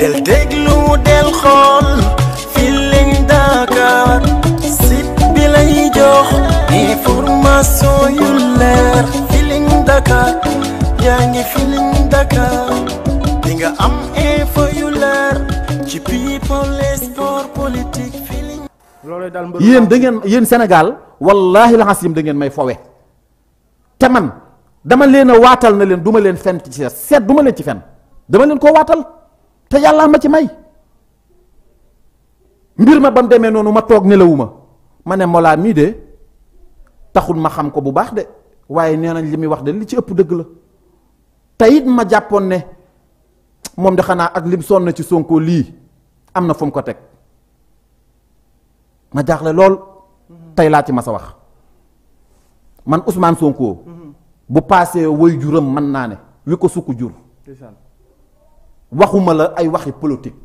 del déglu del xool Feeling Dakar site bi lay jox information yu leer Feeling Dakar yaa ngi Feeling Dakar di nga am info yu leer ci people sport politique Feeling. loolu daal mbër yéen da ngeen yéen Sénégal wallaahi la xas da may fowe te man dama leen a waatal na leen duma leen fenn ci seet seet duma leen ci fen dama leen koo waatal te yàllaa ma ci may mbir ma ba mu demee noonu ma toog nelawuma ma ne Mollah mii de taxul ma xam ko bu baax de waaye nee nañ li muy wax de li ci ëpp dëgg la tey it ma jàppoon ne moom de xanaa ak lim sonn ci Sonko lii am na fu ko teg ma jaaxle lool tey laa ci mas a wax man usmaan Sonko mm-hmm. bu paasee woy juram mën naa ne wi ko sukk jur waxuma la ay waxi politique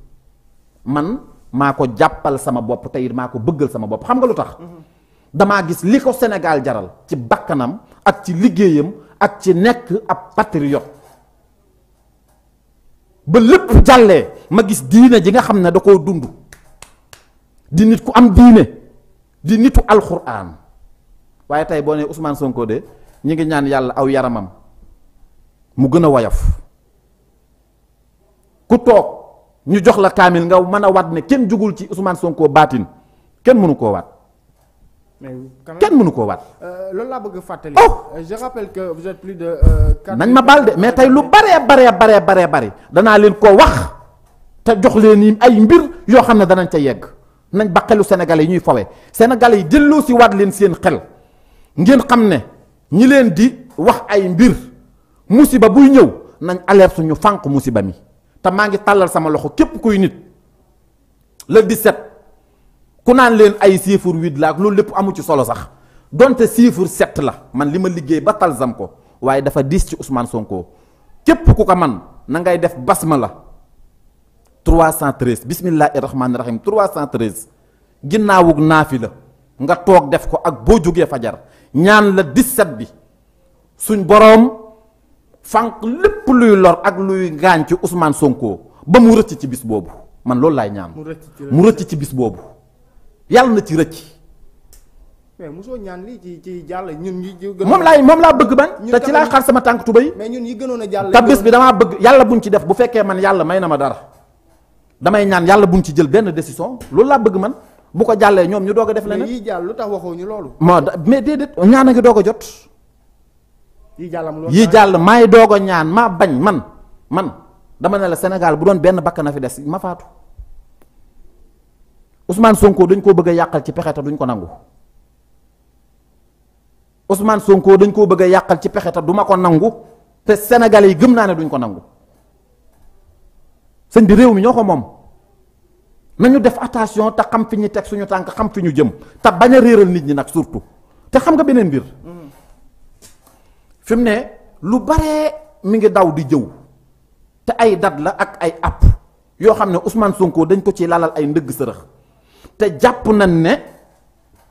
man maa ko jàppal sama bopp tey maa ko bëggal sama bopp xam nga lu tax. damaa gis li ko Sénégal jaral ci bakkanam ak ci liggéeyam ak ci nekk ab patriote ba lépp jàllee ma gis diine ji nga xam ne da koo dund di nit ku am diine di nitu alxuraan waaye tey boo nee Ousmane Sonko de ñu ngi ñaan yàlla aw yaramam mu gën a woyof. ku toog ñu jox la kaamil nga mën a wat ne kenn jugul ci Ousmane Sonko baatin kenn mënu koo wat. mais kenn mënu koo waat. Euh, loolu laa bëgg fàttali. oh euh, je rappelle plus de. Euh, nañ ma baal de mais tey lu baree baree baree baree baree danaa leen ko wax te jox leen yi ay mbir yoo xam ne danañ ca yegg nañ ba xelu Sénégalais yi ñuy fawe Sénégalais yi delloo si waat leen seen xel ngeen xam ne ñi leen di wax ay mbir musiba buy ñëw nañ alerte suñu fànq musiba mi. te maa ngi tàllal sama loxo képp kuy nit le 17 ku naan leen ay chiffre huit la ak loolu lépp amu ci solo sax donte chiffre sept la man li ma liggéey ba talsam ko waaye dafa diis ci Ousmane Sonko képp ku ko man na ngay def basmala 313 bismillahi rahmaani rahim 313 ginnaawug naafi la nga toog def ko ak boo jógee fajar ñaan la 17 bi suñ boroom. fànq lépp luy lor ak luy gaañ ci Ousmane Sonko ba mu rëcc ci bis boobu man loolu laay ñaan. mu rëcc ci bis boobu yàlla na ci rëcc. mais mosoo ñaan lii ci ci jàll ñun ñi gën moom laay moom laa bëgg man te ci laa xar sama tànk tubay mais ñun yi gënoon a jàll te bés bi damaa bëgg yàlla buñ ci def bu fekkee man yàlla may na ma dara damay ñaan yàlla bu buñ ci jël benn décision loolu laa bëgg man bu ko jàllee ñoom ñu doog a def leneen yi jàll lu tax waxoo ñu loolu moo mais déedéet ñaan a ngi doog jot yi jàll maay doogo a ñaan maa bañ man man dama ne la senegal bu doon benn bakk na fi des ma faatu Ousmane Sonko dañ koo bëgg a yàqal ci pexe te duñ ko nangu Ousmane Sonko dañ koo bëgg a yàqal ci pexe te du ma ko te Sénégalais yi gëm naa ne duñ ko nangu sëñ bi réew mi ñoo ko moom nañu def attention te xam fi ñu teg suñu tànk xam fi ñu jëm te bañ a réeral nit ñi nag surtout te xam nga beneen mbir. Mm. fi ne lu baree mi ngi daw di jëw te ay dat la ak ay app yoo xam ne Ousmane Sonko dañ ko ci lalal ay ndëgg sërëx te jàpp nañ ne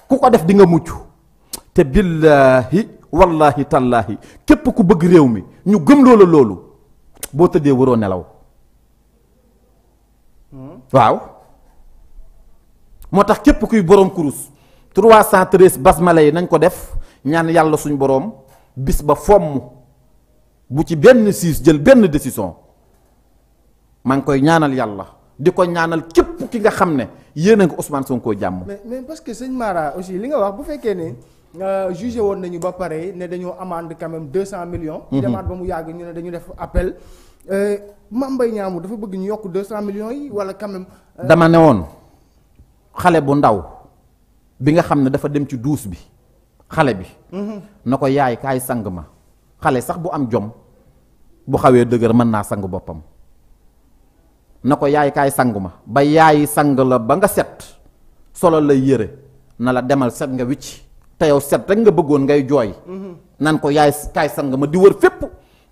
ku ko def di nga mucc te billaahi wallaahi tallaahi képp ku bëgg réew mi ñu gëm loola loolu boo tëddee waroo nelaw waaw moo tax képp kuy boroom kurus 313 basmala yi nañ ko def ñaan yàlla suñ boroom bis ba fomm bu ci benn siis jël benn décision maa ngi koy ñaanal yàlla di ko ñaanal képp ki nga xam ne yéen a ngi Ousmane Sonko jàmm. mais mais parce que sëñ Mara aussi li nga wax bu fekkee ne. jugé woon nañu ba pare ne dañoo amande quand même deux cent millions. Mhm. demaat ba mu yàgg ñu ne dañu def appel. Euh, Mame Mbaye Niang dafa bëgg ñu yokk deux cent millions yi wala quand même. Euh, dama ne woon xale bu ndaw bi nga xam ne dafa dem ci duus bi. xale bi. na ko yaay kaay sang ma xale sax bu am jom bu xawee dëgër mën naa sang boppam na ko yaay kaay sang ma ba yaay sang la ba nga set solo lay yére na la demal set nga wicc te yow set rek nga bëggoon ngay jooy. nan ko yaay kaay sang ma di wër fépp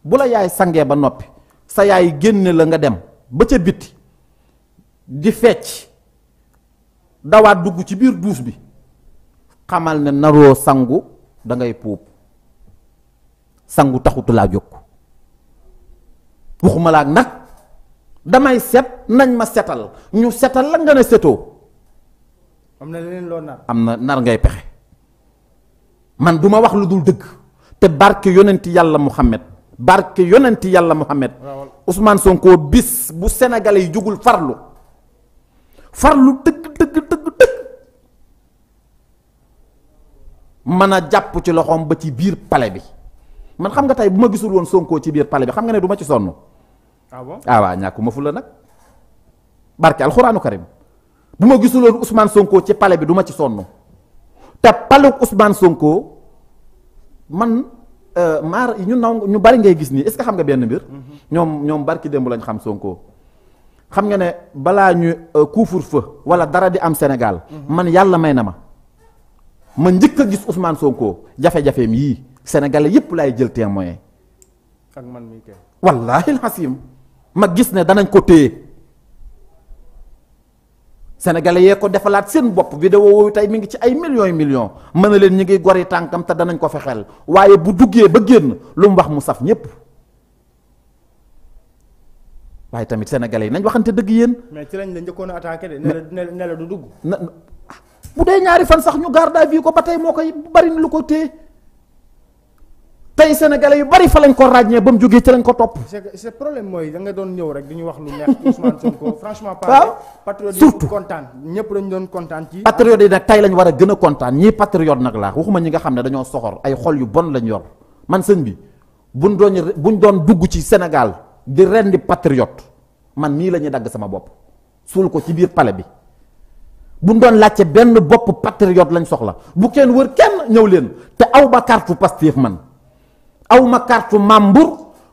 bu la yaay sangee ba noppi sa yaay génne la nga dem ba ca bitti di fecc dawaat dugg ci biir duus bi. xamal ne naroo sangu da ngay puub sangu taxutu laa jóg waxuma nag damay set nañ ma setal ñu setal la nga ne setoo am na leneen nar am na nar ngay pexe man duma wax lu dul dëgg te barke yonenti yàlla Muhammad barke yonenti yàlla Muhammad Ousmane Sonko bis bu Sénégalais yi jugul farlu farlu dëgg dëgg dëgg mën a jàpp ci loxoom ba ci biir pale bi man xam nga tey bu ma gisul woon Sonko ci biir pale bi xam nga ne du ci sonn. ah bon ah waaw ñàkkuma fu la nag barke alxuraanu karim bu ma gisul woon Ousmane Sonko ci pale bi duma ci sonn te palu Ousmane Sonko man euh, maar ñu naw ñu bari ngay gis nii est-ce xam nga benn mbir. Mhm. ñoom ñoom barki démb lañ xam Sonko. xam nga ne balaa ñu euh, couvre-feu wala dara di am Sénégal. Mhm. man yàlla may na ma. ma njëkk a gis Ousmane Sonko jafe-jafeem yii sénégalais yépp laay jël témoin ak man mii kay wallaahi alxasim ma gis ne danañ ko téye sénégalais yee ko defalaat seen bopp vidéo woowu tey mi ngi ci ay millions million mën na leen ñi ngi yi tànkam te danañ ko fexeel waaye bu duggee ba génn lu mu wax mu saf ñépp waaye tamit sénégalais yi nañ waxante dëgg yéen. mais ci lañ la njëkkoon a attaqué de. ne la du dugg. bu dee ñaari fan sax ñu garde à ko ba tey moo koy bari lu ko téye tey sénégalais yu bari fa lañ ko ràññee ba mu jógee ci lañ ko topp. c'est problème mooy da nga doon ñëw rek di ñu wax lu neex Ousmane Sonko franchement. kontaan ñëpp dañu doon kontaan ci. patriote yi nag tey lañ war a gën a kontaan ñii patriote nag laa waxuma ñi nga xam ne dañoo soxor ay xol yu bon lañ yor man sëñ bi buñ doon buñ doon dugg ci Sénégal di rendi patriote man nii la ñuy dagg sama bopp suul ko ci biir pale bi. bu ñu doon laajte benn bopp patriote lañ soxla bu kenn wër kenn ñëw leen te aw ma carte Pastef man aw ma kartu maam mbur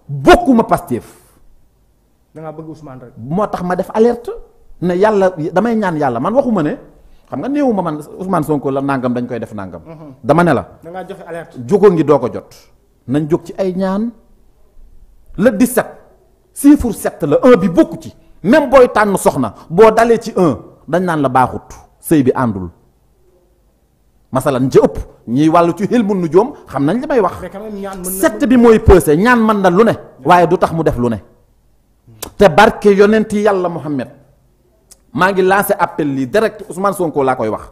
bokkuma Pastef. da ngaa bëgg Ousmane moo tax ma def alerte ne yàlla damay ñaan yàlla man waxuma ne xam nga néewuma man Ousmane Sonko la nangam dañ koy def nangam. Mhm. dama ne la. da joxe alerte. jógoo ngi doo ko jot. nañ jóg ci ay ñaan le 17 chiffre 7 la bi bokku ci même booy tànn soxna boo dalee ci 1. dañ naan la baaxut sëy bi àndul masalan ci ëpp ñiy wàllu ci xel nu joom xam nañ li may wax set bi mooy peese ñaan man na lu ne waaye du tax mu def lu ne te barke yonent yàlla Muhammad maa ngi lancé appel lii direct Ousmane sonkoo laa koy wax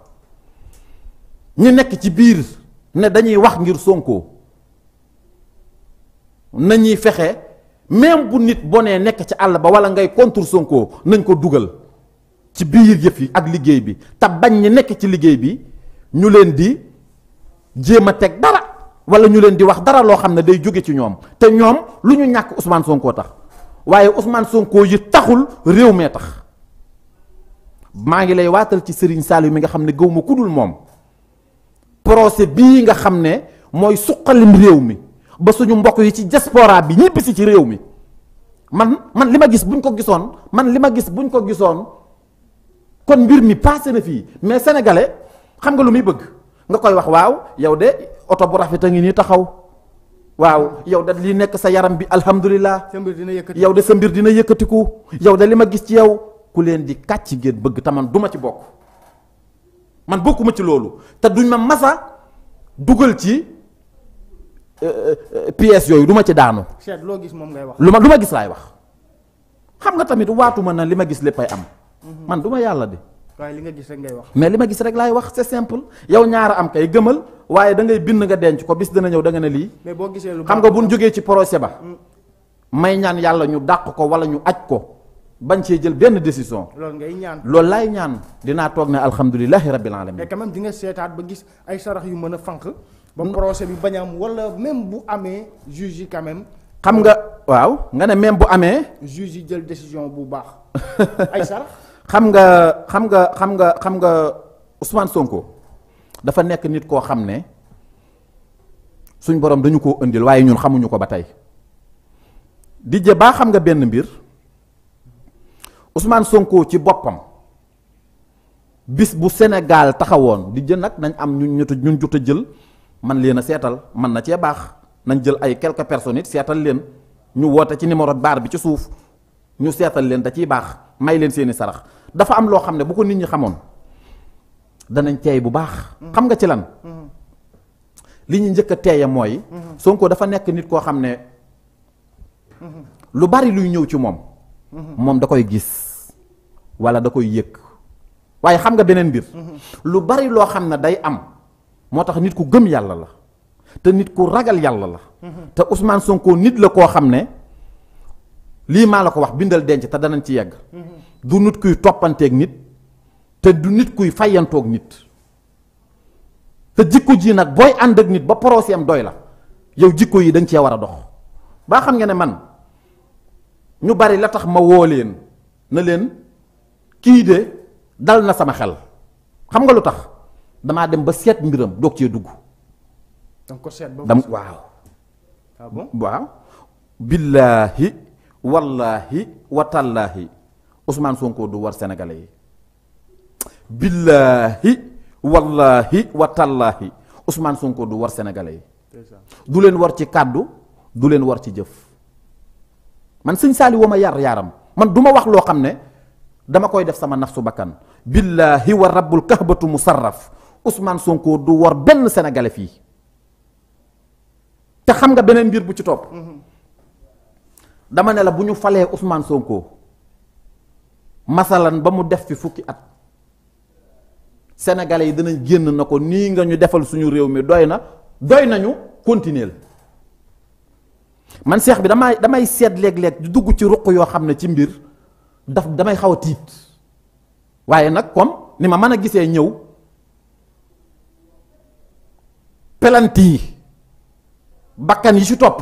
ñu nekk ci biir ne dañuy wax ngir sonkoo nañuy fexe même bu nit bonee nekk ci àll ba wala ngay contre sonkoo nañ ko dugal ci biir yëf yi ak liggéey bi te bañ ñi nekk ci liggéey bi ñu leen di jéem a teg dara wala ñu leen di wax dara loo xam ne day jóge ci ñoom te ñoom lu ñu ñàkk Ousmane sonkoo tax waaye Ousmane Sonko yi taxul réew mee tax maa ngi lay waatal ci Serigne Saliou mi nga xam ne gëw ma kudul moom procès bii nga xam ne mooy suqalim réew mi ba suñu mbokk yi ci diaspora bi ñibbisi ci réew mi man man li ma gis buñ ko gisoon man li ma gis buñ ko gisoon. kon mbir mi passé na fii mais sénégalais xam nga lu muy bëgg nga koy wax waaw yow de oto bu rafet a ngi nii taxaw waaw yow da li nekk sa yaram bi alhamdulilah. yow de sa mbir dina yëkkatiku yow de li ma gis ci yow ku leen di kàcc génn bëgg te duma ci bokk man bokkuma ci loolu te duñ ma masa dugal ci euh, euh, pièces yooyu duma ci daanu. loo gis moom ngay wax lu ma lu ma gis laay wax xam nga tamit waatuma na li ma gis léppay am. man du ma yàlla de. waaye li nga gis rek ngay wax. mais li ma gis rek laay wax c'est simple yow ñaara am kay gëmal waaye da ngay bind nga denc ko bis dana ñëw da nga ne lii. mais boo gisee lu xam nga bu ñu jógee ci procès ba. Mm. may ñaan yàlla ñu dàq ko wala ñu aj ko bañ cee jël benn décision. loolu ngay ñaan loolu laay ñaan dina toog ne alhamdulilahi rabbil alamin. mais quand même di nga seetaat ba gis ay sarax yu mën a fànq. ba mm. procès bi bañ am wala même bu amee juge yi quand xam nga waaw nga ne même bu amee. juge yi jël décision bu baax ay xam nga xam nga xam nga xam nga Ousmane Sonko dafa nekk nit koo xam ne suñ borom dañu koo indil waaye ñun xamuñu ko ba tey dijje baa xam nga benn mbir Ousmane Sonko ci boppam bis bu Sénégal taxawoon dijje nag nañ am ñu ñetu ñun jot a jël man leen a seetal man na cee baax nañ jël ay quelques personnes seetal leen ñu woote ci numéro baar bi ci suuf ñu seetal leen da ciy baax may leen seeni sarax dafa am loo xam ne bu ko nit ñi xamoon danañ teey bu baax. xam nga ci lan. li ñu njëkk a teeye mooy. Sonko dafa nekk nit koo xam ne lu bari luy ñëw ci moom. moom da koy gis wala da koy yëkk waaye xam nga beneen mbir. lu bari loo xam ne day am moo tax nit ku gëm yàlla la te nit ku ragal yàlla la. te Ousmane Sonko nit la koo xam ne lii maa la ko wax bindal denc te danañ ci yegg. du nit kuy toppanteeg nit te du nit kuy fayantoog nit te jikko ji nag booy ànd ak nit ba procès doy la yow jikko yi dañ cee war a dox baa xam nga ne man ñu bari la tax ma woo leen na leen kii de dal na sama xel xam nga lu tax damaa dem ba seet mbiram doog cee dugg. danga ko seet ba waaw. ah bon waaw. billaahi wallaahi watallaahi. Ousmane sonkoo du war senegale yi billaahi wallaahi wa tallaahi Ousmane Sonko du war Sénégalais yi du leen war ci kàddu du leen war ci jëf man sëñ saali woo ma yar yaaram man du ma wax loo xam ne dama koy def sama nafsu bakkan billaahi wa rabbul kahbatu musarraf Ousmane Sonko du war benn senegale fii te xam nga beneen mbir bu ci topp mm-hmm. dama ne bu ñu falee Ousmane Sonko masalan ba mu def fi fukki at sénégalais yi dinañ génn na ko nii nga ñu defal suñu réew mi doy na doy nañu continuer man seex bi damay damay seet léeg-léeg di dugg ci ruq yoo xam ne ci mbir daf damay xaw a tiit waaye nag comme ni ma mën a gisee ñëw pelanti bakkan yi ci topp